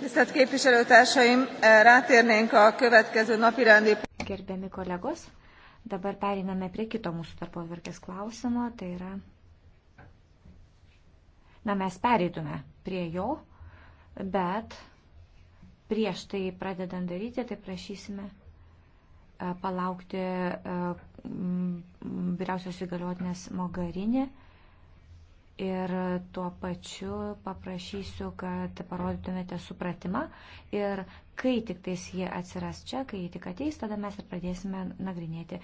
Tisztelt képviselőtársaim, eh, rátérnénk a következő napirendi... Gerbiami kolegos, dabar periname prie kito mūsų darbotvarkės klausimo, tai yra... Na, mes pereitume prie jo, bet prieš tai pradedant daryti, tai prašysime eh, palaukti eh, vyriausios įgaliotinės Mogarinį ir tuo pačiu paprašysiu, kad parodytumėte supratimą ir kai tik tais jie atsiras čia, kai tik ateis, tada mes ir pradėsime nagrinėti.